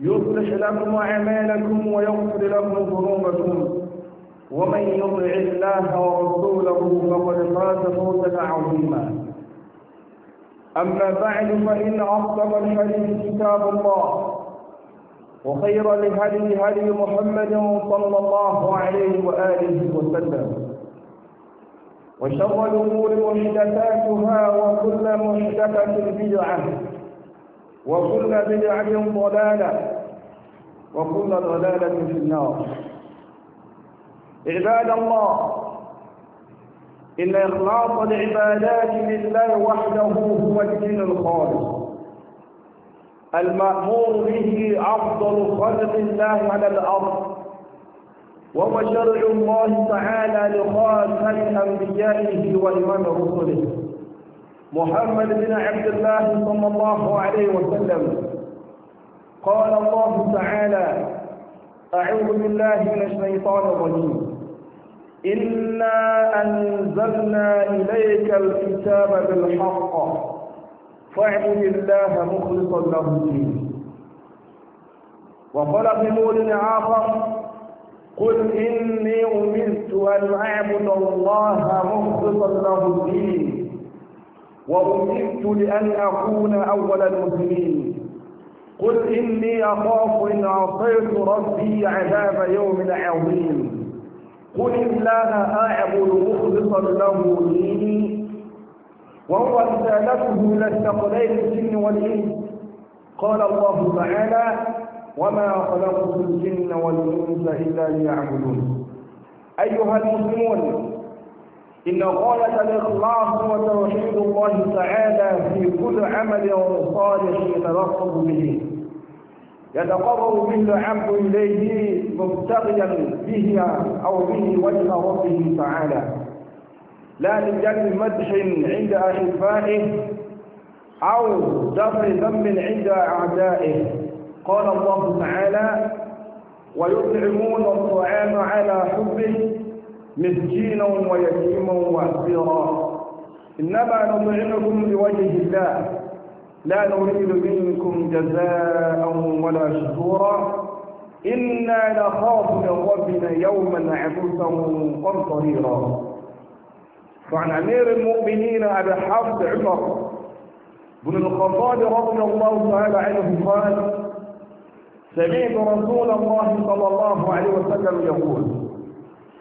يصلح لكم أعمالكم ويغفر لكم ذنوبكم ومن يطع الله ورسوله فقد فاز فوزا عظيما أما بعد فإن أصدق الحديث كتاب الله وخير لهدي هدي محمد صلى الله عليه وآله وسلم وشر الأمور محدثاتها وكل محدثة بدعة وكل بدعة ضلالة وكل ضلالة في النار عباد الله إن إخلاص العبادات لله وحده هو الدين الخالص المأمور به أفضل خلق الله على الأرض وهو شرع الله تعالى لخاتم أنبيائه وإمام رسله محمد بن عبد الله صلى الله عليه وسلم قال الله تعالى أعوذ بالله من الشيطان الرجيم إنا أنزلنا إليك الكتاب بالحق فاعبد الله مخلصا له الدين وقال في آخر قل إني أمرت أن أعبد الله مخلصا له الدين وأمرت لأن أكون أول المسلمين قل إني أخاف إن عصيت ربي عذاب يوم عظيم قل الله أعبد مخلصا له ديني وهو رسالته إلى لاستقليت الجن والإنس قال الله تعالى وما خلقت الجن والإنس إلا ليعبدون أيها المسلمون إن غاية الإخلاص وتوحيد الله تعالى في كل عمل صالح يترقب به يتقرب به العبد إليه مبتغيا به أو به وجه ربه تعالى لا لجل مدح عند أحبائه أو دفع ذنب عند أعدائه قال الله تعالى ويطعمون الطعام على حبه مسكينا ويتيما واسيرا إنما نطعمكم لوجه الله لا نريد منكم جزاء ولا شكورا إنا نخاف من ربنا يوما عبوسا قمطريرا فعن أمير المؤمنين أبي حفظ عمر بن الخطاب رضي الله تعالى عنه قال سمعت رسول الله صلى الله عليه وسلم يقول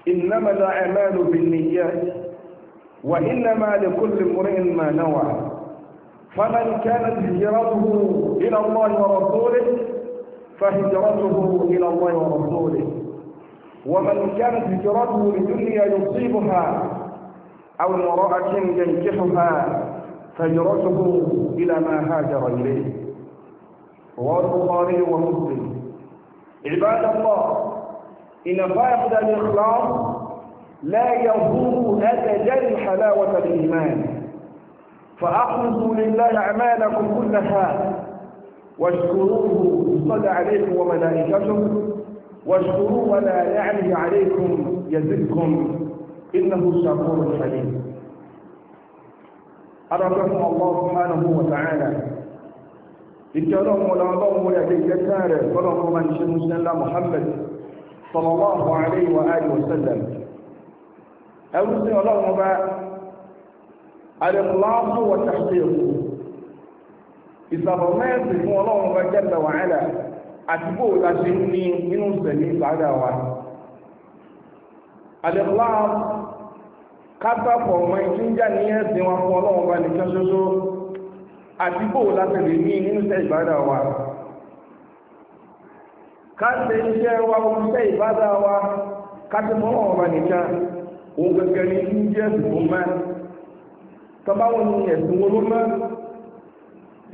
إنما الأعمال بالنيات وإنما لكل امرئ ما نوى فمن كانت هجرته إلى الله ورسوله فهجرته إلى الله ورسوله ومن كانت هجرته لدنيا يصيبها أو امرأة ينكحها فهجرته إلى ما هاجر إليه رواه البخاري ومسلم عباد الله إن فاقد الإخلاص لا يضر أبدا حلاوة الإيمان فأخلصوا لله أعمالكم كلها واشكروه صلى عليكم وملائكته واشكروا ولا نعمه عليكم يزدكم إنه شكور حليم أرحمه الله سبحانه وتعالى إن كانوا ọlọ́run ọlọ́run ẹ̀dẹ́ ìjẹta من شمسنا محمد sallallahu alayhi wa alihi wa sallam ẹrú sí ọlọ́run ọba alẹ́mùláàmù wọ tàṣẹ́kù ìsàbọ̀ mẹ́ẹ̀sì fún ọlọ́run ọba jalla wa ala àti bó la ṣe ń ní nínú sẹ̀mí ìsàdà wa alẹ́mùláàmù kábàpọ̀ ọmọ ìtúnjà ní ẹ̀sìn wa fún ká ṣe iṣẹ́ wa oúnjẹ́ ìbádá wa ká ọbanika mọ́ ọ̀rọ̀ nìkan òun gẹ́gẹ́ ní oúnjẹ ìbò mẹ́ tọ́bá wọn ni ẹ̀sùn wọn ló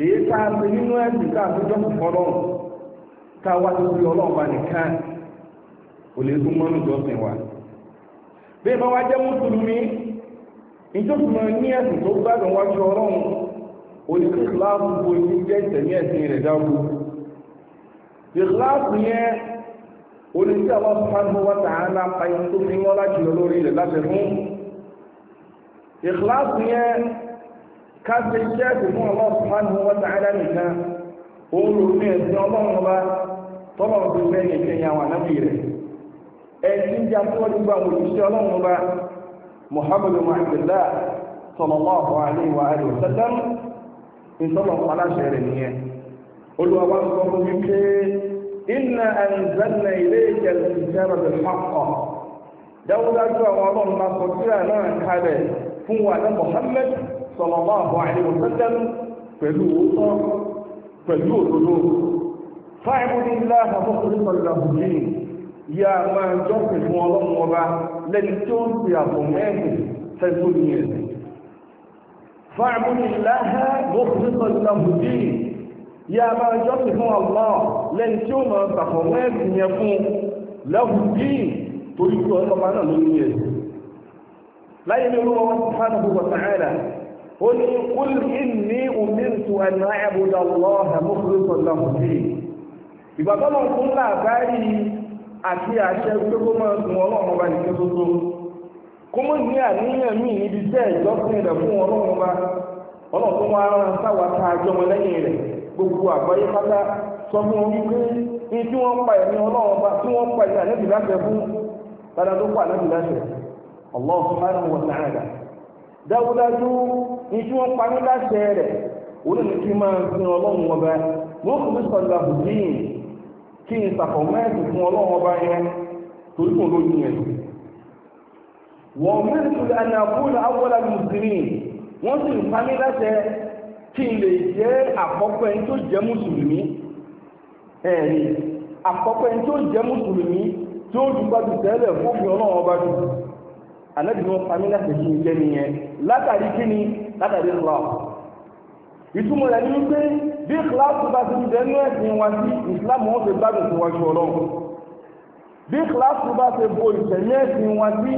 èyí tá a ṣe nínú ẹ̀sìn ká tó jọ́ fún ọlọ́run ká wá tó fi ọlọ́run wa jẹ́ mùsùlùmí ìjọba ní ẹ̀sìn tó ọlọ́run ìtẹ̀mí ìkìláàsì yẹn oníṣẹ́ àwọn fánú wa tààlà pàyẹ tó fi wọ́n láti lọ lórí rẹ̀ láti fún ìkìláàsì yẹn káṣe iṣẹ́ ẹ̀sìn fún àwọn fánú wa tààlà nìkan òun ló ní ẹ̀sìn ọlọ́run ọba tọ́lọ̀ fi fẹ́yìn ìkẹyìn àwọn ànábì rẹ̀ ẹ̀sìn jà tí wọ́n ti gba àwọn òṣìṣẹ́ ọlọ́run ọba muhammadu muhammadullah sallallahu alaihi wa alihi wa sallam ìtọ́lọ̀ rẹ̀ nìyẹn Olúwa wa sọ fún mi pé inna anzalna ilayka al-kitaba bil-haqq dáwúdájú àwọn ọlọ́run bá sọ síra náà kalẹ̀ fún wa ní Muhammad sallallahu alaihi wasallam pẹ̀lú òótọ́ pẹ̀lú òdodo fa'budillaha mukhlishan lahu-d-din yá máa jọ́sìn fún ọlọ́run ọba lẹ́ni tó ń fi àbò mẹ́rin tẹ́tù ní ẹ̀sìn fa'budillaha mukhlishan lahu d yá a máa jọ́sìn fún Allah lẹ́ni tí ó máa ṣàfọ̀mọ́ ẹ̀sìn yẹn fún lẹ́hùn díì torí pé ọlọ́ba náà ló ní láyé ní olúwa wọn subhanahu wa ta'ala ó ní qul inni umirtu an a'buda Allaha mukhlishan lahu din ìgbàgbọ́ náà fún àti àṣẹ nìkan tó ní àníyàn fún gbogbo àgbáyé pátá sọ fún wọn wípé ní tí wọ́n pa ẹ̀mí ọlọ́run bá tí wọ́n pa ẹ̀mí àlẹ́bí láṣẹ fún tàdá tó pa àlẹ́bí láṣẹ Allah subhanahu wa ta'ala dáwúdájú ní tí wọ́n pa ní láṣẹ rẹ̀ olóòtú kí máa ọlọ́run ọba kò kí n sàkọ̀mẹ́ẹ̀tì fún ọlọ́run ọba yẹn torí kò lóyún yẹn wọ́n mú ìtura àwọn mùsùlùmí wọ́n sì ń pa ní láṣẹ kí n lè jẹ́ àkọ́kọ́ ẹni tó jẹ́ mùsùlùmí ẹ̀rí àkọ́kọ́ ẹni tó jẹ́ mùsùlùmí tí ó dùn gbájú tẹ́lẹ̀ fófin ọlọ́run ọba jù ànábì wọn pa mí láti kí n jẹ́ nìyẹn látàrí kí ni látàrí Islam ìtumọ̀ rẹ̀ ni wípé bí Islam bá ti ń dẹnu ẹ̀sìn wa sí Islam wọn fi gbádùn fún wájú ọlọ́run bí Islam bá ti bo ìtẹ̀lẹ́ ẹ̀sìn wa sí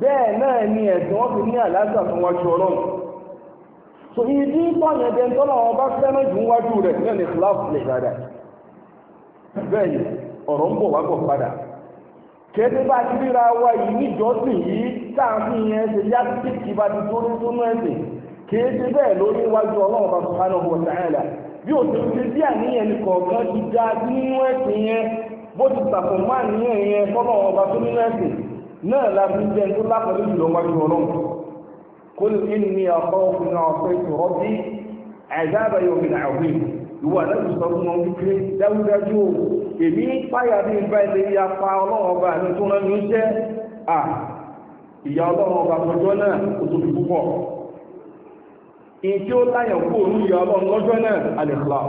bẹ́ẹ̀ náà ni ẹ̀sìn wọn fi ní àlàáfíà fún wájú ọlọ́run so ìdí ìpànìyàn jẹ́ tọ́lọ̀ àwọn bá fẹ́ràn jù wájú rẹ̀ náà ka kíláàsì lè dáadáa bẹ́ẹ̀ ni ọ̀rọ̀ ń bọ̀ wá bọ̀ padà kéde bá ti ríra wa yìí níjọ́sìn yìí táàfin yẹn ṣe yá sí bá ti ẹ̀sìn bẹ́ẹ̀ lórí wájú ọlọ́run bá bí o ti bí àníyàn ní kọ̀ọ̀kan ti nínú ẹ̀sìn yẹn bó ti níyàn yẹn قل إني أخاف إن عصيت ربي عذاب يوم عظيم ìwọ àdájú sọ fún wọn wípé dájúdájú o èmi páyà bí ìgbà ilé ya pa ọlọ́run ọba àmì tó rán ní jẹ́ à ìyá ọlọ́run ọba lọ́jọ́ náà ó tóbi púpọ̀ ìjó láyàn kó ní ìyá ọlọ́run lọ́jọ́ náà àlèkùlá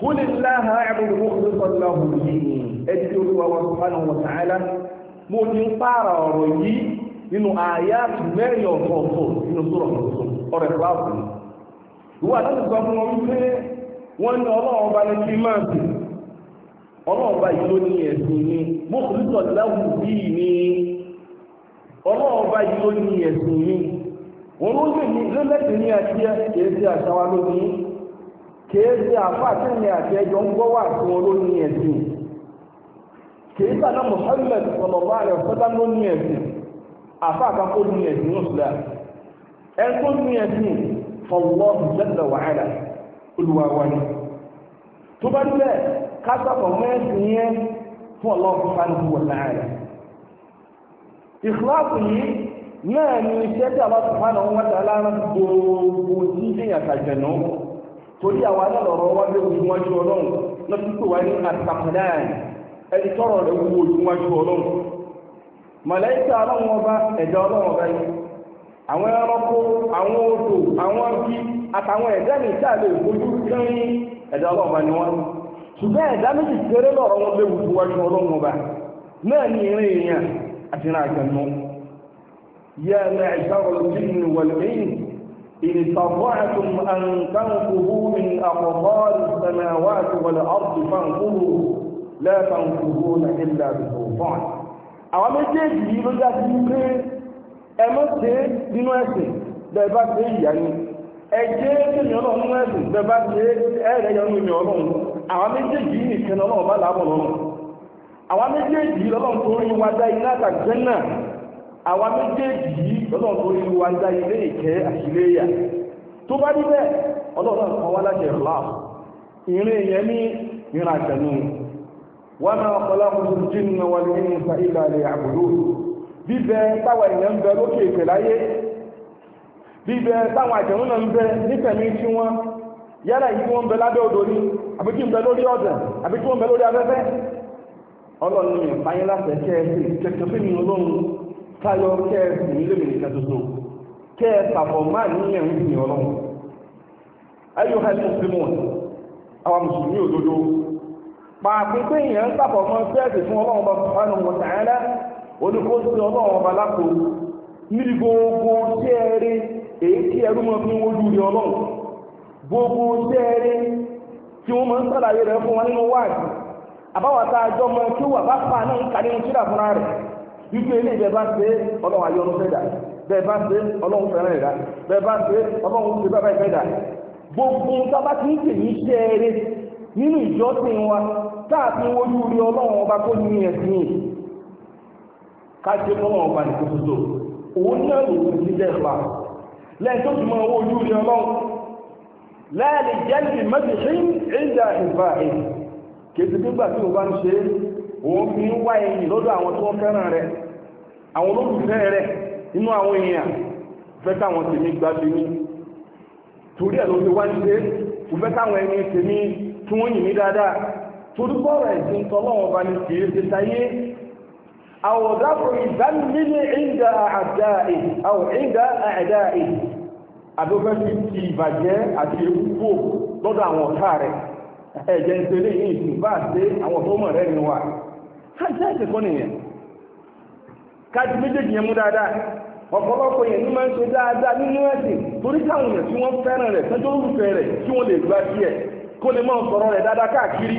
kúlì láha ẹ̀bùn ìwọ́n tó lọ́hùn yìí ẹ̀dí olúwa wọn sọ́hánà wọn sàálà mo ti ń pààrà ọ̀rọ̀ yìí nínú àyàtì mẹ́rin ọ̀tọ̀ọ̀tọ̀ nínú sọ̀rọ̀ ọ̀rẹ́ fúláàfù ni. ìwọ sọ fún wọn wípé wọ́n ní ọba ní kí máa ọba yìí ló ní ẹ̀sìn ni mọ́kùnrítọ̀ láwù bí ọba yìí ló ní ẹ̀sìn ni wọ́n ló lè ní lẹ́lẹ́sìn ní àti ẹ̀sìn àṣàwà lónìí tí ní àti ẹjọ́ ń gbọ́ wà ló ní ẹ̀sìn ló àfa àkàkọ́ ní ẹ̀sìn náà sílẹ̀ ẹni tó ní ẹ̀sìn fọwọ́ ìjẹ́sẹ̀ wàhálà olùwàwà ni tó bá dúbẹ̀ kásàkọ̀ mẹ́sìn yẹn fún ọlọ́run fáńtì wọ̀ láàrẹ̀ ìfúláàfù yìí náà ni iṣẹ́ tí àwọn sùpánà wọn wáta lára gbogbo jíjìyàn àtàjẹ̀nà torí àwọn alẹ́lọ́rọ̀ wá lé ojúmọ́jú ọlọ́run lọ́tí pé wá ní àtàkùndáà ẹni tọ́rọ̀ rẹ̀ wú ojúmọ́jú ọlọ́run mọ̀lẹ́kà ọlọ́run ọba ẹ̀dá ọlọ́run ọba yìí àwọn ẹranko àwọn odò àwọn ọbí àtàwọn ẹ̀dá mi tí a lè fojú kẹ́rin ẹ̀dá ọlọ́run ọba ni wọ́n ṣùgbọ́n ẹ̀dá méjì kéré lọ́rọ̀ wọn léwu ju wájú ọlọ́run ọba náà ní ìrìn èèyàn àti ìrìn àjẹmọ́ yẹ ẹ̀mẹ́ ìṣàrọ̀ jíjìn wọ̀lẹ́yìn ìrìnsàbọ̀ẹ̀tùm àwọn méjèèjì yìí ló já sí pé ẹ mọ́ ṣe nínú ẹ̀sìn bẹ́ẹ̀ bá ṣe ìyá ni ẹ jẹ́ èmi ọlọ́run nínú ẹ̀sìn bẹ́ẹ̀ bá ṣe ẹ̀rẹ́ yọ nínú ọlọ́run àwọn méjèèjì yìí nìkan tó rí wa dá ilé ìkẹ́ àṣìléyà tó bá níbẹ̀ wá láti ẹ̀rọ ìrìn ní ìrìn وما خلقت الجن والإنس إلا ليعبدون bíbẹ táwọn èèyàn ń bẹ lókè ìpè láyé bíbẹ táwọn àjẹmú náà ń bẹ nítẹ̀mí tí wọ́n yálà yìí wọ́n ń bẹ lábẹ́ odò ní àbí ń bẹ lórí ọ̀dẹ̀ àbí wọ́n ń bẹ lórí afẹ́fẹ́ ọlọ́run pàápín pé èèyàn ń sàpọ̀ mọ́ fún ọlọ́run bá fún ọmọ tààlà oníkó sí ọlọ́run lápò níbi gbogbo tí ẹ rí èyí tí ẹrú mọ́ fi wójú ọlọ́run gbogbo tí ẹ rí tí wọ́n ń sàlàyé rẹ̀ fún wa nínú wáàdì àbáwọ̀tá àjọ mọ́ wà bá fà náà ń nínú fúnra rẹ̀ wípé ilé ìbẹ̀ bá ṣe ọlọ́run ọlọ́run táàbí ojú rí ọlọ́run ọba tó ní ẹ̀sìn káṣe fọ́lọ́run ọba nìkan tó òun ní ọ̀nà sí jẹ́fà lẹ́yìn tó túnmọ̀ owó ojú rí ọlọ́run láàrín jẹ́lì mẹ́tìrín ìjà ìfà ẹ̀ kèsì nígbà tí bá ń ṣe òun fi ń wá lọ́dọ̀ àwọn tó fẹ́ràn àwọn olólùfẹ́ inú àwọn èèyàn fẹ́ tèmi torí ẹ̀ ló fi wá torúkọ rẹ̀ ti ń tọ́lọ́ ní kìí ṣe táyé àwọ̀dáfò ìdánilé ìdá àdá àwọ̀ ìdá àdá ẹ̀ ti ìbàjẹ́ àti ewúgbò lọ́dọ̀ àwọn ọ̀tá rẹ̀ ẹ̀jẹ̀ ń ìsìn bá ṣe àwọn tó mọ̀ rẹ̀ ni wà ọ̀pọ̀lọpọ̀ yẹn ní máa ń ṣe dáadáa nínú ẹ̀sìn torí tí wọ́n fẹ́ràn rẹ̀ tẹ́jọ́ rẹ̀ wọ́n lè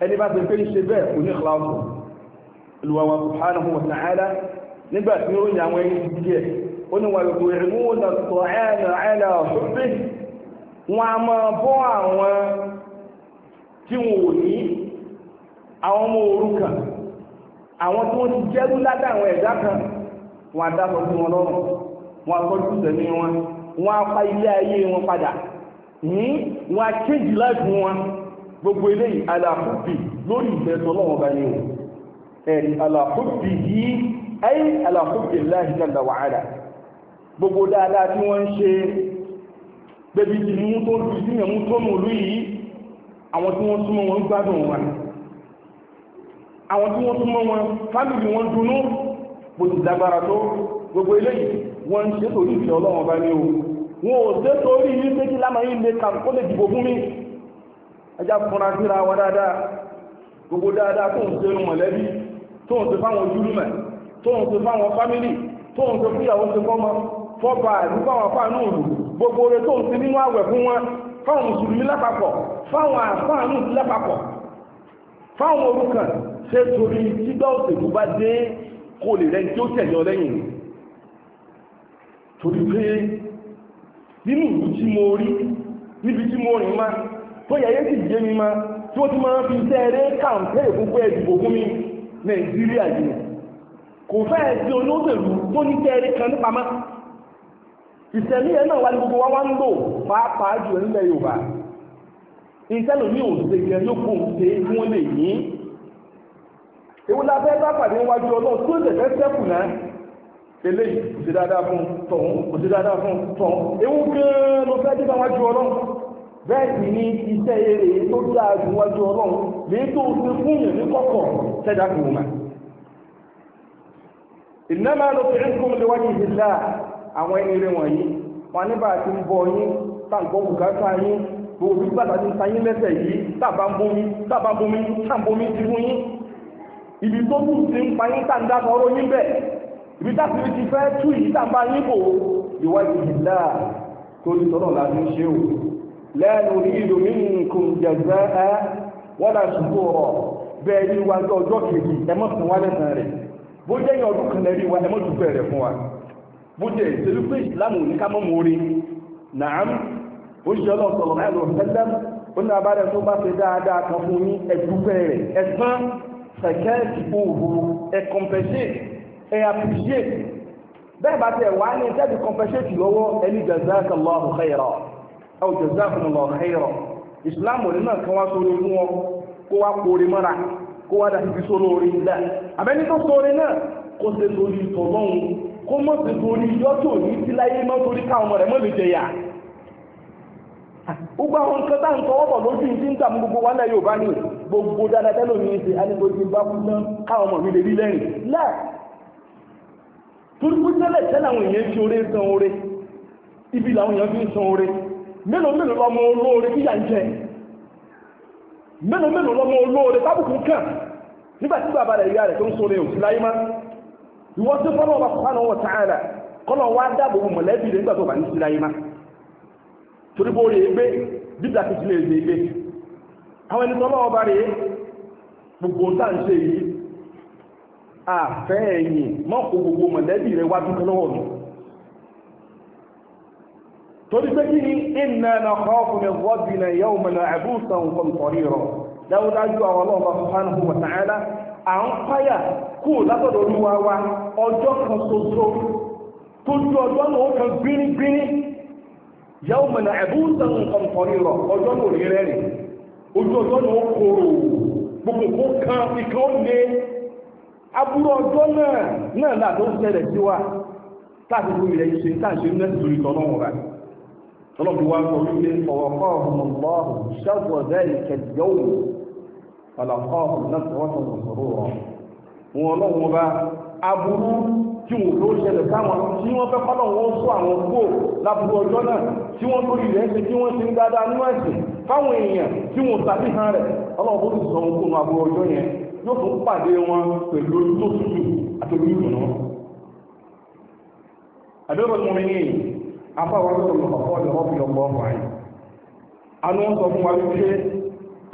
ẹni bá ti pé ń ṣe bẹ́ẹ̀ kò ní ìkìláàsù olùwàwà subhanahu wa ta'ala nígbà tí ó yà wọn yìí díẹ̀ ó ní wà lóko ìrìnmú na sọ ẹ̀nà ẹ̀nà ṣùgbẹ́ wọn a máa bọ́ àwọn tí wọn ò ní àwọn ọmọ òrukàn àwọn tó ti jẹ́rú ládà àwọn ẹ̀dá kan wọn a dáfọ́ sí wọn lọ́rùn wọn a tọ́jú sẹ́mi wọn wọn a pa ilé ayé wọn padà hmm? wọn a kéjì láìpẹ́ wọn gbogbo eléyìí aláàfúbì lórí ìfẹ́ tọ́lọ́wọ́ bá ní o ẹ̀rí aláàfúbì yìí ayé aláàfúbì láàrín jalla wa ala gbogbo dáadáa tí wọ́n ń ṣe bẹ́bí ti mú tó lù sí ẹ̀mú tó mú lú yìí àwọn tí wọ́n súnmọ́ wọn gbádùn wọn àwọn tí wọ́n súnmọ́ wọn bá ní o wọn ò ṣe torí yìí pé kí lámàá yìí lè lè dìbò fún mi ẹjá fúnra síra wa dáadáa gbogbo dáadáa tó ń se irun mọ̀lẹ́bí tó ń ṣe fáwọn ojúlùmẹ̀ tó ń ṣe fáwọn fámílì tó ń ṣe fún ìyàwó ṣe fọ́mọ fọ́ba àti fáwọn afáànú òru gbogbo rẹ̀ tó ń ṣe nínú àwẹ̀ fún wọn fáwọn mùsùlùmí lápapọ̀ fáwọn àfáànú lápapọ̀ fáwọn orúkàn ṣe torí tígbà òṣèlú bá dé kò lè rẹ̀ tí ó tẹ̀lé ọ lẹ́yìn torí pé nínú ìlú tí mo rí níbi tí mo rìn máa tó yẹ̀yẹ́ sì jẹ́ mi máa tí ó ti máa fi iṣẹ́ eré kàǹpé ìfúnpé ìdìbò fún mi nàìjíríà yìí kò fẹ́ sí olóṣèlú tó ní iṣẹ́ eré kan nípamọ́ ìṣẹ̀lẹ̀ yẹn náà wà ní gbogbo wa wá ń lò pàápàá jù nílẹ̀ yorùbá iṣẹ́ lòmí ò ṣe yẹn ló kó ṣe kí wọ́n lè yín ewu la fẹ́ bá pàdé wájú ọlọ́run tó ṣe fẹ́ sẹ́kù náà eléyìí kò ṣe dáadáa fún tọ̀hún kò ṣe dáadáa fún tọ̀hún ewu gan-an ló fẹ́ dé bá wájú ọlọ́run bẹ́ẹ̀ sì ni iṣẹ́ eré tó dáa jù wájú ọlọ́run lèyí tó ń fi fún yẹn ní kọ́kọ́ tẹ́jà kò mà ìnáma ló fi ń kún léwájú ìdílá àwọn ẹni rẹ wọ̀nyí wọn níbà tí ń bọ yín táǹgbọ́ bùkátà yín gbogbo bí bàtà ti ń ta yín lẹ́sẹ̀ yìí tàbá ń bomi tàbá bomi tàbomi ti fún yín ibi tó kù ti ń pa yín tàǹdà kọ́rọ́ yín bẹ́ẹ̀ ibi tá ti ti fẹ́ tú yìí tàǹbà yín bò ìwájú ìdílá torí tọ́lọ̀ la fi ń ṣe la nuridu minkum jazaa wala shukura bẹ́ẹ̀ ní wájú ọjọ́ kejì ẹ má fún wa lẹ́sàn rẹ̀ bó jẹ́ yẹn ọdún kan lẹ́rí wa ẹ má dúpẹ́ rẹ̀ fún wa bó jẹ́ ìṣèlú pé ìsìlámù ní ká mọ́ mórí nàám ó ṣe ọlọ́run sọ̀rọ̀ láì lọ sẹ́lẹ̀ ó ní abárẹ́ aw jazakumullahu khairan ìsìláàmù ní náà kan sórí fún ọ kó wá kóore mọ́ra kó wá dàbí fi sórí orí ńlá àbẹ́ni tó sórí náà kó ṣe torí ìtọ̀lọ́hun kó mọ̀ sí torí yọ́tò ní tíláyé mọ́ torí káwọn ọmọ rẹ̀ mọ́ lè jẹyà gbogbo àwọn nǹkan tá gbogbo yóò bá ní gbogbo dáadáa tẹ́lẹ̀ ṣe bá kú ná káwọn ibi làwọn mélòó mélòó lọmọ olóore kíyà ń jẹ mélòó mélòó lọmọ olóore tábùkù kàn nígbàtí bàbá rẹ̀ yà rẹ̀ tó ń sóre òsì láyé má ìwọ́n tí fọ́nà ọba fọ́nà wa ta'ala kọ́nà wá dáàbò mọ̀lẹ́bí rẹ̀ ní torí bó gbé gbé àwọn ẹni ọba gbogbo tá à ń ṣe yìí àfẹ́ torí pé kí ni iná na kọ́ọ̀kù ní wọ́bì na yau mana àbúsàn kan kọ̀rí rọ̀ dáwọ́dájú àwọn ọlọ́ọ̀bá subhanahu wa ta'ala à ń páyà kú látọ̀dọ̀ olúwa wa ọjọ́ kan ṣoṣo tó ju ọjọ́ náà ó kan gbínígbíní yau mana àbúsàn kan kọ̀rí rọ̀ ọjọ́ náà rí rẹ́rìn ojú ọjọ́ náà kòrò gbogbo kan ìkan lé aburú ọjọ́ náà náà láàdó ń ṣẹlẹ̀ sí fún ilẹ̀ iṣẹ́ táà ṣe ń lẹ́sìn lórí tọ́lọ́wọ̀n rẹ̀ tọ́lọ́bí wá sọ wípé ọ̀wọ̀kọ́ ọ̀hùnmọ̀lọ́hùn ṣàgbọ̀dẹ́ ìkẹjọ́wò ọ̀làkọ́ọ̀hùn náà tọ́wọ́sọ̀ sọ̀rọ̀ rọ̀ wọn ọlọ́run ọba aburú tí wọn ló ṣẹlẹ̀ sáwọn tí wọ́n fẹ́ kọ́lọ̀ wọn sọ àwọn kó lábúrú ọjọ́ náà tí wọ́n lórí rẹ̀ ṣe tí wọ́n ti yóò tún pàdé wọn pẹ̀lú ojú tó tútù àti ojú ìrùnà. àbẹ́rẹ́ ọ̀sán mi ní èyí afáwọn tó lọ ọ̀pọ̀ lọ́wọ́ fi ọgbọ́ ọ̀pọ̀ ayé anú ń sọ fún wa wípé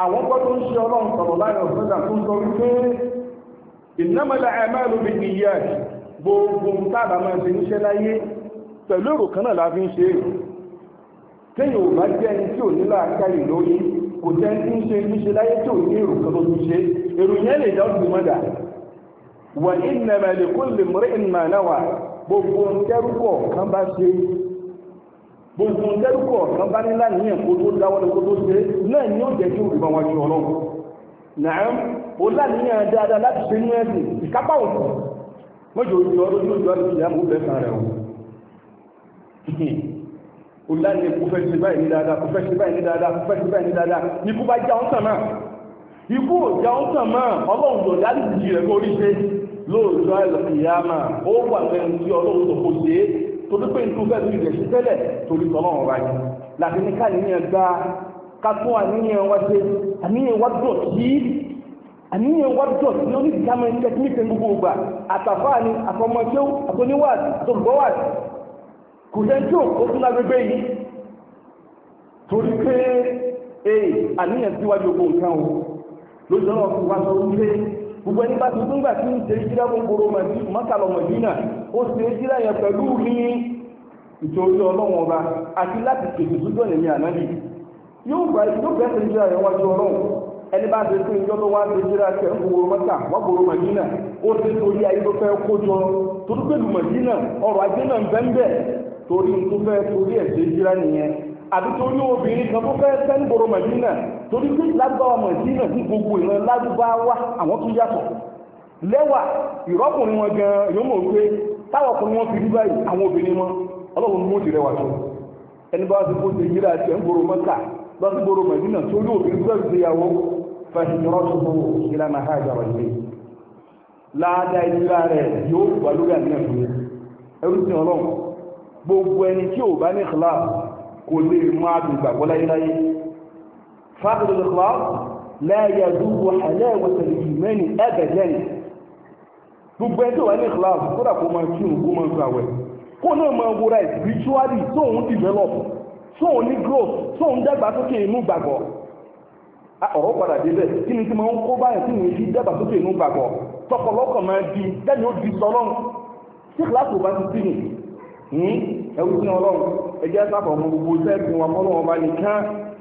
àwọn gbọ́dọ̀ ń ṣe ọlọ́run sọ̀rọ̀ láyọ̀ sọ́jà tó ń sọ wípé ìnámẹ́lẹ̀ ẹ̀mẹ́lú bí i yẹ gbogbo táàbà máa ṣe níṣẹ́ láyé pẹ̀lú èrò kan náà la fi ń ṣe é kéèyàn ò bá jẹ́ ẹni tí ò ní láàkáyè lórí kò jẹ́ ẹni tí ń ṣe níṣẹ́ láyé tí ò ní èrò kan ti ṣe èrò gbogbo ńlẹ́rùkọ̀ kan bá nílá nìyẹn kó tó dáwọ́ ní kó tó ṣe náà ni ó jẹ́ kí òrùba wọn ju ọlọ́run náà ó láníyàn dáadáa láti ṣe inú ẹ̀sìn ìkápá òkú mọ́jọ ojú ọdún tí ojú ọdún ìyá mú bẹ́ẹ̀ kan rẹ̀ o ó láníyàn kó fẹ́ ṣe báyìí ní dáadáa kó fẹ́ ṣe báyìí ní dáadáa kó fẹ́ ṣe báyìí ní dáadáa ikú bá já ọ́n tàn náà ikú ò ọ́n tàn máa ọlọ́run lò dá lóòótọ́ àìlọ́ ìyá máa ó wà lẹ́nu tí ọlọ́run tó kó ṣe torí pé ìlú bẹ́ẹ̀ lórí ìdẹ̀sí tẹ́lẹ̀ torí tọ́lọ́run wáyé láti ní ká nìyẹn gba ká tún àníyàn wá ṣe àníyàn wá dọ̀ sí àníyàn wá dọ̀ sí lórí ìdámọ̀ iṣẹ́ tí nìkan gbogbo gbà àtàfáà ni àtọmọṣẹ́ àtọníwáàsì àtọgbọ́wàsì kò jẹ́ tí ó tún lágbègbè yìí torí pé ee eh, àníyàn síwájú ogun nǹkan o lójú ọ̀rọ̀ wá sọ wípé gbogbo ẹni bá ti nígbà tí ń ṣe ìjírá gbogbo mọ́kàlọ̀ mọ̀dínà ó ṣe ìjírá yẹn pẹ̀lú ní ìtòrí ọlọ́wọ́n ọba àti láti tó ní yóò gbà yóò bẹ́ẹ̀ ṣe yẹn wájú ẹni bá ṣe fún ìjọ tó wá ṣe ṣe ń mọ̀dínà ó ṣe torí ayé tó fẹ́ kó jọ pẹ̀lú mọ̀dínà ọrọ̀ ajé náà ń torí tó fẹ́ torí torí pé lágbàwà mọ̀dínà ní gbogbo ìran lárúbáwá àwọn tó yàtọ̀ lẹ́wà ìrọ́kùnrin wọn gan yóò mọ̀ pé táwọn ọkùnrin wọn fi rí báyìí àwọn obìnrin wọn ọlọ́run mú ti rẹwà tó ẹni bá ti kó ṣe yíra àti ẹ̀ńgbòrò mọ́ta bá ti gbòrò mọ̀dínà tó yóò fi rí báyìí ṣèyàwó fàṣìyànrọ́ tó kó ìlànà àjàrà ilé láàdá ìlera rẹ̀ yóò wà lórí àníyàn tó yẹ ẹrú sí ọlọ́run gbogbo ẹni tí ò bá ní ìkìlá kò lè máa dùn gbàgbọ́ láyéláyé فاقد الإخلاص لا يذوب حلاوة الإيمان أبدا gbogbo ẹjọ́ wà ní class kódà kó máa kí òun kó máa gbà wẹ̀ kó náà máa wúra ẹ̀ spiritually tóun develop tóun ní growth tóun dàgbàsókè inú gbàgbọ́ ọ̀rọ̀ padà débẹ̀ kí ni tí máa ń kó báyìí tí mi fi dàgbàsókè inú gbàgbọ́ tọkọlọ́kọ̀ máa di dẹ́ni ó di sọlọ́n tí class ò bá ti sí ni ẹ̀wù sí ọlọ́run ẹ̀jẹ̀ sábà ọmọ gbogbo sẹ́ẹ̀sì wọn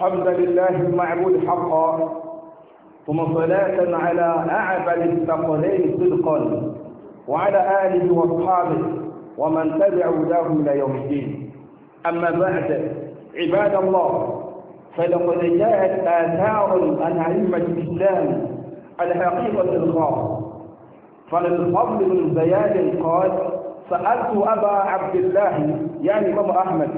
حمد لله المعبود حقا ثم صلاة على أعبد الثقلين صدقا وعلى آله وأصحابه ومن تبع له إلى يوم الدين أما بعد عباد الله فلقد جاءت آثار عن علم الإسلام الحقيقة الخاصة فللفضل من بيان قال سألت أبا عبد الله يعني بابا أحمد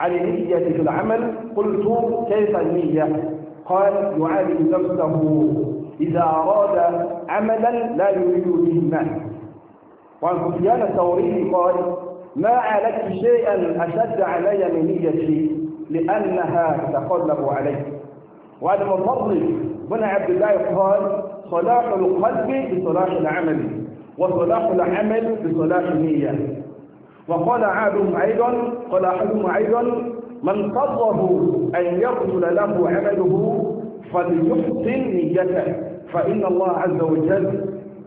عن النية في العمل قلت كيف النية قال يعالج نفسه إذا أراد عملا لا يريد به الناس وعن سفيان الثوري قال ما عالجت شيئا أشد علي من نيتي لأنها تتقلب علي وعن المفضل بن عبد الله قال صلاح القلب بصلاح العمل وصلاح العمل بصلاح النية وقال عادهم أيضا قال أحدهم أيضا من قضه أن يقتل له عمله فليحسن نيته فإن الله عز وجل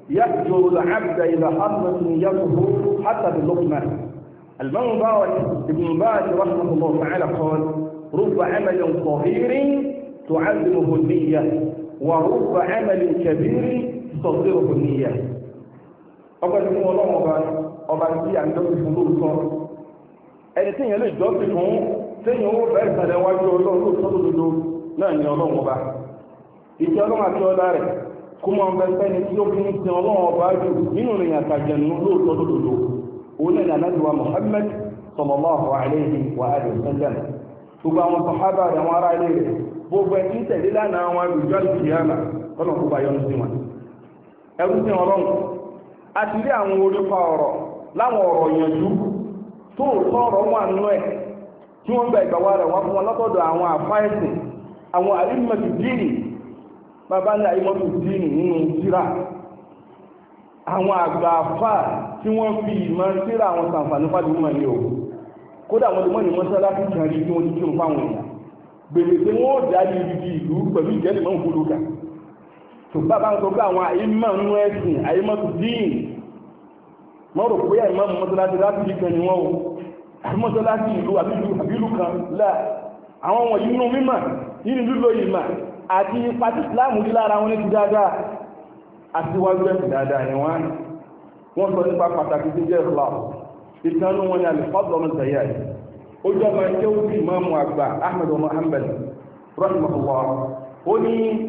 يأجر العبد إذا حظة نيته حتى باللقمة المام مبارك ابن مبارك رحمه الله تعالى قال رب عمل صغير تعلمه النية ورب عمل كبير تصغره النية ọgbẹ́ tí wọ́n lọ́wọ́ ọba ọba tí a ń jọ́ fífún lóòótọ́ ẹni tí lè ó bẹ́ẹ̀ wájú ọlọ́run lóòótọ́ náà ni ọlọ́run ọba ọlọ́run àti a rí àwọn orípa ọ̀rọ̀ láwọn ọ̀rọ̀ yànjú tó tọ́ ọ̀rọ̀ wà nínú ẹ̀ tí wọ́n gba ìgbàwà rẹ̀ wọ́n fún wọn lọ́tọ̀dọ̀ àwọn àfáìsìn àwọn àrímọ̀tì bàbá ní àrímọ̀tì dìínì nínú síra àwọn àgbà àfà tí wọ́n fi ìmọ̀ síra àwọn fàdí o kódà rí wọ́n ti fáwọn èèyàn tí tó bá bá ń sọ pé àwọn àyímọ̀ nú ẹ̀sìn àyímọ̀ tó dín mọ́rò pé àyímọ̀ mọ́sálásí láti bí ni wọ́n o mọ́sálásí ìlú àbílù kan láà àwọn wọ̀nyí nínú mímọ̀ nínú lílo ìmọ̀ àti ipa tí Islam rí lára wọn ní ti dáadáa àti wájú ẹ̀sìn dáadáa ni wọ́n wọ́n sọ nípa pàtàkì tí jẹ́ ìlà ìtànú wọn ni alifadlu ọmọ tẹ̀yà yìí ó jọ máa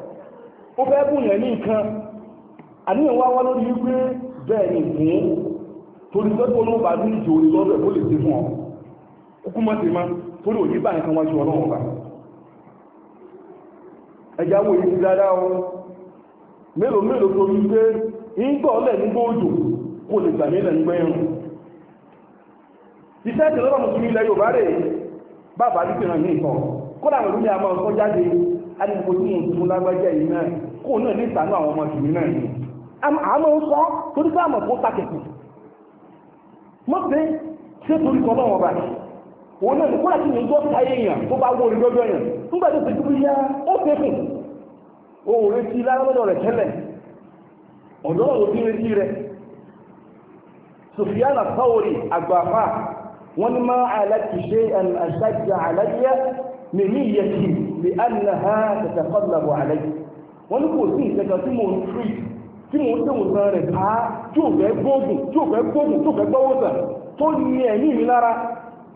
ó fẹ́ bùnyàn ní nǹkan wá lórí wípé bẹ́ẹ̀ ni fún torí pé kó ló bá ní ìjò orí lọ́dọ̀ tó lè fún ọ kúkú mọ́ torí òní bá nǹkan wájú ọlọ́run bá wo ti o mélòó mélòó tó rí pé ìgbọ̀ ọlẹ̀ nígbó òjò kò lè gbà nílẹ̀ iṣẹ́ ìṣẹ́ ilẹ̀ Yorùbá bàbá ní kódà pẹ̀lú a máa sọ jáde tí mo tún lágbájá kó náà ní ìsànú àwọn ọmọ tìmí náà ni àmọ́ ń sọ torí pé àmọ̀ kó tàkìtì mọ́ pé ṣé torí kan náà wọ́n bá yìí òun náà nìkúrà tí mi ń gbọ́ táyé èèyàn tó bá wó orí lọ́jọ́ yẹn nígbà tó ti dúró yá ó fẹ́ fún òun retí lárọ́lọ́dọ̀ rẹ̀ tẹ́lẹ̀ ọ̀dọ́ òun ti retí rẹ̀ Sufyana Thawri àgbàfà wọ́n ní máa aláti ṣe àṣàjà àlàyé mímí yẹ kí lè á nà ha tẹ̀tẹ̀kọ́ lọ́wọ́ àlàyé wọ́n ní kò sí ìṣẹ́kan tí mò ń tírì tí mò ń tẹ̀wọ̀n san rẹ̀ bá tí ò fẹ́ gbóògùn tí ò fẹ́ gbóògùn tí ò fẹ́ gbọ́wọ́ sàn tó ní ẹ̀mí mi lára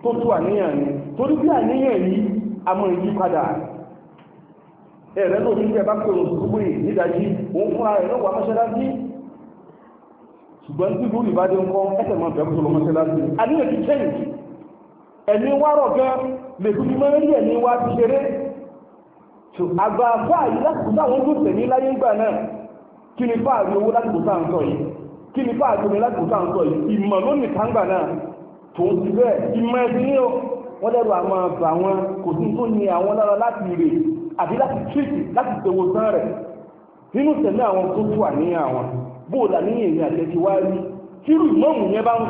tó tú àníyàn ni torí bí àníyàn yìí a mọ̀ yí padà ẹ̀rẹ́ ló ní ẹ̀bá pẹ̀lú gbogbo yìí nídàjí òun fún ara ẹ̀lọ́wà mọ́ṣáláṣí ṣùgbọ́n tí lórí ìbádé ń kọ́ ẹ̀sẹ̀ máa bẹ̀rù sọ̀rọ̀ mọ́ṣáláṣí àníyàn ti change ẹ̀mí wá rọ̀ gan lè fi mọ́ rí ẹ̀mí wá ti ṣeré àgbà fáà yìí láti kùtà àwọn olóòtẹ̀ ní láyé ìgbà náà kí ni fáà rí owó láti kùtà ń sọ yìí kí ni fáà rí omi láti kùtà ń sọ yìí ìmọ̀ ló ní kàńgbà náà tó ń ti bẹ́ẹ̀ ìmọ̀ ẹ̀sìn yìí wọ́n lẹ́rù àwọn àgbà wọn kò sí tó ní àwọn lára láti rè àbí láti tírìtì láti tẹ̀wò sán rẹ̀ nínú tẹ̀lé àwọn tó tó àníyàn àwọn bóòlà níyàn ní àtẹ̀tí wá rí tírù ìmọ̀mù yẹn bá ń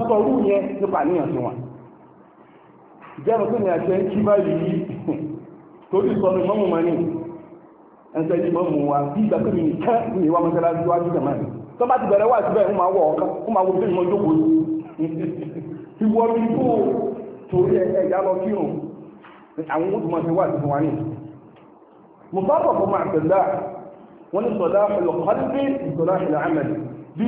torí sọ̀rọ̀ ìmọ̀mù mọ̀ ní ẹ̀sẹ̀ ní mọ̀mù wa bí ìgbà pé mi nìkan ní ìwà mọ́sálásí wájú jẹ̀mọ́ rẹ̀ tó bá ti bẹ̀rẹ̀ wà síbẹ̀ ń máa wọ̀ ọ̀kan ó máa wo bí ìmọ̀ jókòó ti wọ bí kó torí ẹ̀yà lọ kí òun àwọn oṣù máa fi wà sí wa ní. mo bá bọ̀ fún máa tẹ̀lá wọn ní sọ̀dá ọlọ́kọ́ bí ìsọ̀dá ìlànà bí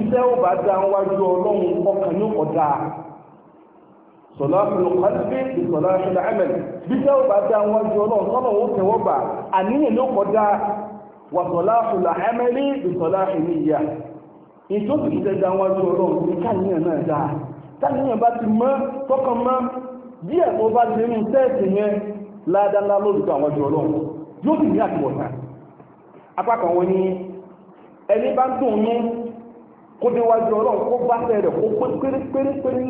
sọláhùn kọlbí ìsọláhùn àmàlì bíjẹ́ ò bá dá wọn jọ náà sọ́nà ó tẹ̀wọ́ bà àníyàn ló kọjá wà sọláhùn àmàlì ìsọláhùn níyà ìjọsìn ìjẹ́ dá wọn jọ náà ní káníyàn náà dá káníyàn bá ti mọ́ tọkàn mọ́ bí ẹ̀kọ́ bá ti nínú sẹ́ẹ̀sì yẹn ládàlá lórúkọ àwọn jọ náà yóò ni ẹni bá ń dùn ní kó déwájú ọlọ́run kó bá tẹ̀ rẹ̀ kó pérépérépéré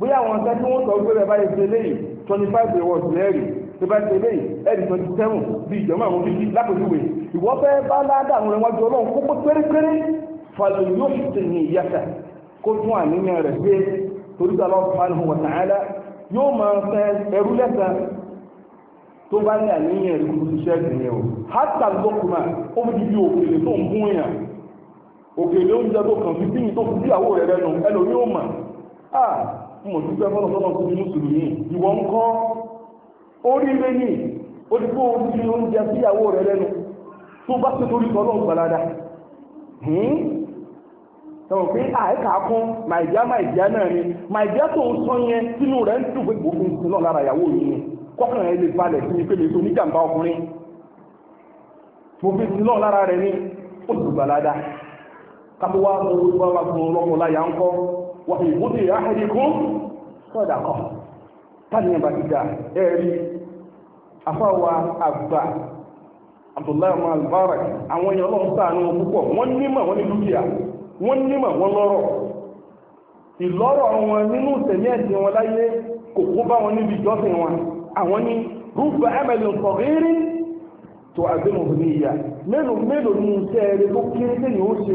bóyá àwọn ọ̀sẹ̀ tí wọ́n sọ pé bẹ́ẹ̀ báyìí ṣe léyìí twenty five rewards lẹ́rì tó bá ṣe léyìí ẹ̀rì twenty seven bíi ìjọba àwọn bíbí lápèjúwe ìwọ fẹ́ bá ládàá àwọn ẹ̀wájú ọlọ́run kókó pérépéré falẹ̀ yóò fi ti ní ìyàtà kó tún àníyàn rẹ̀ gbé torí Allah subhanahu wa ta'ala yóò máa fẹ́ ẹrú lẹ́sàn tó bá ní àníyàn rẹ̀ kó tún ṣe ẹ̀gbìn o hátà lọ́kùnmá ó fi di òkèlè tó ń gún èèyàn òkèlè oúnjẹ tó kàn fi bí ìtòkùn sí àwọ̀ rẹ̀ rẹ̀ nù ẹlòmí ó mà á ah! mo dúpẹ́ fọ́nà fọ́nà tó fi mùsùlùmí ìwọ ń kọ́ oríire ní olùkó orí oúnjẹ sí lẹ́nu tó bá tó torí tọ́lọ́ hmm? pé àìkà kún màìjá ni màìjá tó ń sọ yẹn sínú rẹ̀ ń dùn wà ìmúdì ahìríkún sọ́dàkọ̀ tánìyàn bá dídá ẹ̀rí afáwa àgbà abdullahi malbarak àwọn èèyàn lọ sáànù púpọ̀ wọ́n nímọ̀ wọ́n ní dúkìá wọ́n nímọ̀ wọ́n lọ́rọ̀ ìlọ́rọ̀ wọn nínú ìsẹ̀mí ẹ̀sìn wọn láyé kò kó bá wọn níbi ìjọsìn wọn àwọn ní rúgbà ẹ̀mẹ̀lì sọ̀rírí tó àgbẹ̀mọ̀ ní ìyá mélòó mélòó ní iṣẹ́ rẹ̀ tó kéré tẹ́yìn ó ṣe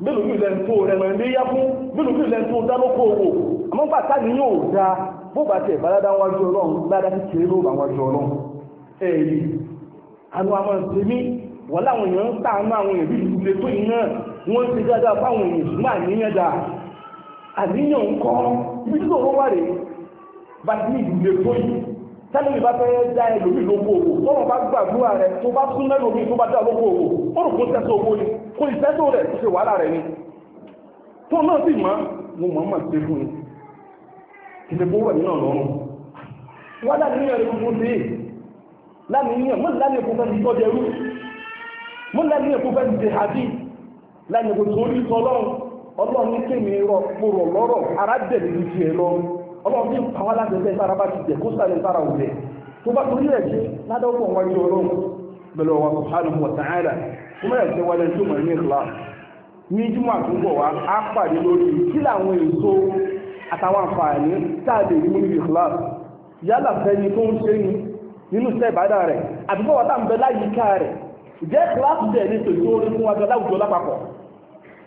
mélòó yìí lẹ́nu tó rẹ̀ mẹ́rin léyá fún mélòó yìí lẹ́nu tó dánúkọ owó àmọ́ pàtà èèyàn ń sàánú àwọn èèyàn bí ìdílé tó iná wọ́n ti dáadáa fáwọn èèyàn ṣùgbọ́n àníyàn dà àníyàn ń kọ́ ibi tí tó wọ́n wà rèé bá ti ní ìdílé tó yìí tẹ́lẹ̀ ìbá fẹ́ dá ẹlòmí lóko òwò tọ́rọ̀ bá gbàdúrà rẹ̀ tó bá tún lẹ́lòmí tó bá dá lóko òwò ó rò kó tẹ́tọ́ owó ni kó ìtẹ́tọ́ rẹ̀ tó ṣe wàhálà rẹ̀ ni tó náà sì mọ́ mo mọ̀ mọ̀ sí fún ni kìtẹ́ kó wà nínú ọ̀lọ́run wá láníyàn rẹ̀ gbogbo sí láníyàn mọ́ láníyàn kó fẹ́ ti tọ́jú ẹrú mọ́ láníyàn fẹ́ ti ọlọ́run ní àwọn alágbẹ̀ẹ́ sára bá ti jẹ kó sàlẹ̀ sára wùlẹ̀ tó bá torí rẹ̀ ṣe ládọ́gbọ̀n wájú ọlọ́run bẹ̀rẹ̀ wa subhanahu wa ta'ala tó mẹ́rẹ̀ ṣe wálẹ̀ tó mọ̀ ní ìlà ní jímọ̀ àtúnbọ̀ wa á pàdé lórí kí làwọn èso àtàwọn àǹfààní táàdé ní níbi ìlà yálà fẹ́ni tó ń ṣe ni nínú iṣẹ́ ìbádà rẹ̀ àdúgbò wa tá ń bẹ láyìíká rẹ̀ jẹ́ kíláàsì bẹ́ẹ̀ ní tòjú orí fún wájú aláwùjọ lápapọ̀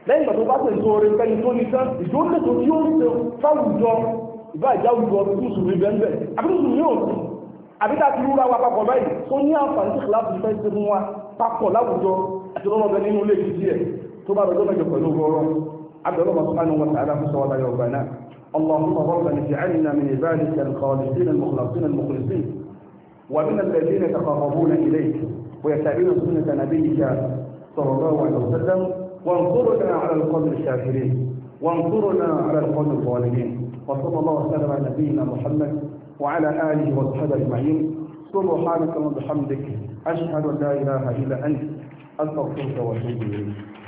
lẹ́yìn ìgbà tó bá tẹ̀sí orí fẹ́ni tó ní tán ìjó lẹ́tọ̀ọ́ tí ó ń ṣe fáwùjọ ìbá ìjà òjò ọdún tó sùn rí bẹ́ẹ̀ àbí tó sùn ní òsì àbí tá a ti rúra wa papọ̀ báyìí tó ní àǹfààní tí kìláàsì fẹ́ ṣe fún wa papọ̀ láwùjọ àti lọ́rọ̀ bẹ nínú ilé yìí díẹ̀ tó bá dọjọ́ mẹ́jọ pẹ̀lú ọ̀rọ̀ abẹ́rẹ́ ọmọ sọ́kànnì wọn tààrà fún sọ́wọ́dà yorùbá náà اللهم ربنا اجعلنا من عبادك الخالصين المخلصين المخلصين ومن الذين يتقربون اليك ويتبعون سنه نبيك صلى الله عليه وسلم وانصرنا على القوم الشاكرين وانصرنا على القوم الظالمين وصلى الله وسلم على نبينا محمد وعلى آله وصحبه أجمعين سبحانك وبحمدك أشهد أن لا إله إلا أنت أستغفرك وأتوب إليك